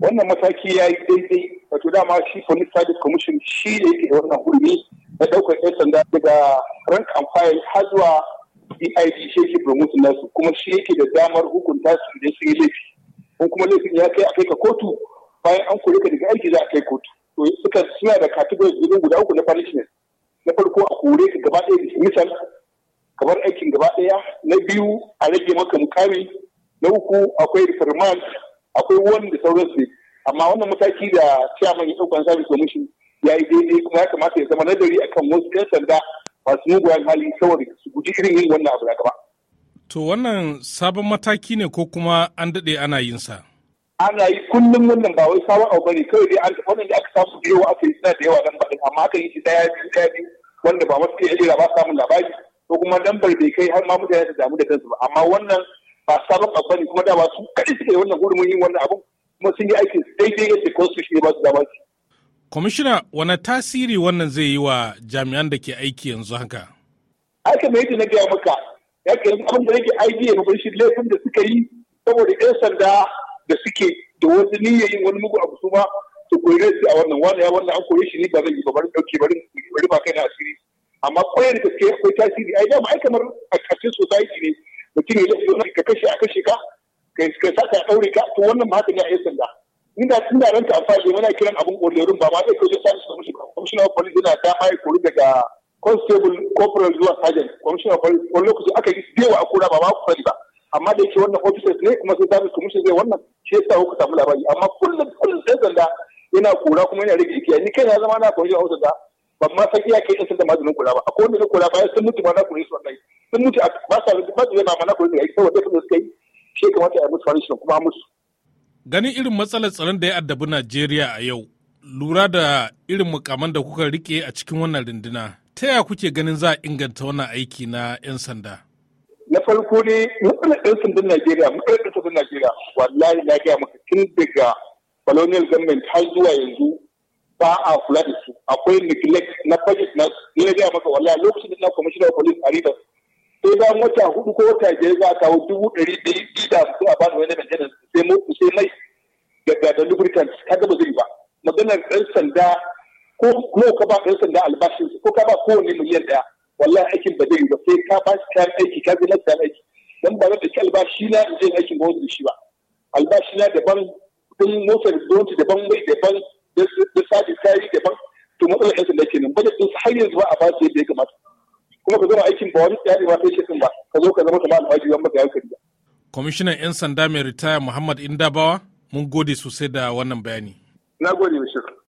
wannan mataki ya yi daidai wato dama shi police service commission shi ne yake da wannan hurmi na ɗaukar 'yan sanda daga rank and file har zuwa DID shi yake promoting nasu kuma shi yake da damar hukunta su idan sun yi laifi ko kuma laifin ya kai a kai ka kotu bayan an kore ka daga aiki za a kai kotu to suka suna da categories idan guda uku na punishment na farko a kore ka gaba ɗaya dismissal kamar aikin gaba ɗaya na biyu a rage maka mukami na uku akwai reprimand akwai wani da sauransu amma wannan mataki da chairman ya ɗaukan service commission ya yi daidai kuma ya kamata ya zama nazari akan wasu 'yan sanda masu mugayen hali saboda su guji irin yin wannan abu na kama. To wannan sabon mataki ne ko kuma an daɗe ana yin sa? Ana yi kullum wannan ba wai sabon abu bane kawai dai an wannan da aka samu da yawa aka yi suna da yawa dan baɗin amma aka yi shi ɗaya biyu ɗaya biyu wanda ba masu iya jira ba samun labari ko kuma lambar bai kai har ma mutane su damu da kansu ba amma wannan ba sabon abu ne kuma dama su kaɗai suke wannan gurumin yin wannan abun kuma sun yi aikin daidai yadda su shi ba su dama Kwamishina, wani tasiri wannan zai yi wa jami'an da ke aiki yanzu haka? Aka mai yadda na gaya maka, ya ke yanzu abin da nake aiki ya mafi shi laifin da suka yi saboda 'yan sanda da suke da wasu niyyar yin wani mugu abu su ma su koyi su a wannan wani ya wannan an koyi shi ne ba zan yi ba bari ɗauke bari ba kai na asiri. Amma koyar da akwai tasiri, ai dama ai kamar a ƙarshen sosai ne cinye laifin ka kashe a kashe ka ka sa a ɗaure ka to wannan ma haka ne a yan sanda inda da ran ta amfani mana kiran abun orderun ba ma zai kai shi su mushi commissioner na police yana ta ya kori daga constable corporal zuwa sergeant commissioner of police wani lokaci aka yi dewa a kura ba ma ku fari ba amma da yake wannan officers ne kuma sai service commission zai wannan shi yasa ku samu labari amma kullum kullum ɗan sanda yana kura kuma yana rage ikiya ni kai na zama na commissioner hausa da. ban ma san iyakai isar sun da maganin kula ba a kowane na kula bayan sun mutu ma na kula su wallahi sun mutu ba sa ba su ma na kuri su yi saboda sun suka yi shi kamata a musu punishment kuma musu ganin irin matsalar tsaron da ya addabi Najeriya a yau lura da irin mukaman da kuka rike a cikin wannan runduna ta yaya kuke ganin za a inganta wannan aiki na 'yan sanda na farko ne matsalar 'yan sandan najeriya matsalar 'yan sandan najeriya wallahi na gaya maka tun daga colonial government har zuwa yanzu ba a kula da su akwai neglect na budget na ne zai gaya maka wallahi lokacin da na commissioner of police a sai bayan wata hudu ko wata biyar za a kawo dubu ɗari biyu da hamsin a bani wani maintenance sai mu sai mai daga da lubricant kaga ba zai ba maganar ɗan sanda ko ko ka ba ɗan sanda albashin ko ka ba kowane miliyan ɗaya wallahi aikin ba zai ba sai ka ba shi kayan aiki ka zai kayan aiki dan ba zai shi albashi na zai je aikin ba wanda shi ba albashi na daban motsa da zonci daban mai daban da sabis kayi daban to matsalar yan sanda kenan budget din har yanzu ba a basu yadda ya kamata kuma ka zama aikin ba wani tsari ba sai shekin ba ka zo ka zama kamar alhaji wani maka yankari ba. kwamishinan yan sanda mai ritaya muhammad indabawa mun gode sosai da wannan bayani. na gode bashir.